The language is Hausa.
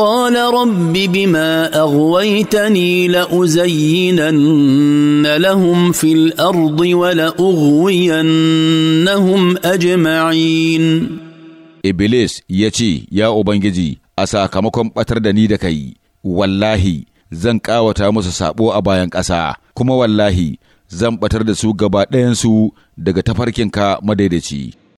قال رب بما اغويتني لازينن لهم في الارض ولاغوينهم اجمعين ابليس يتي يا اوبنجي sakamakon ɓatar da ni da kai wallahi zan ƙawata musu saɓo a bayan ƙasa kuma wallahi zan ɓatar da su gaba ɗayansu daga tafarkinka madaidaici.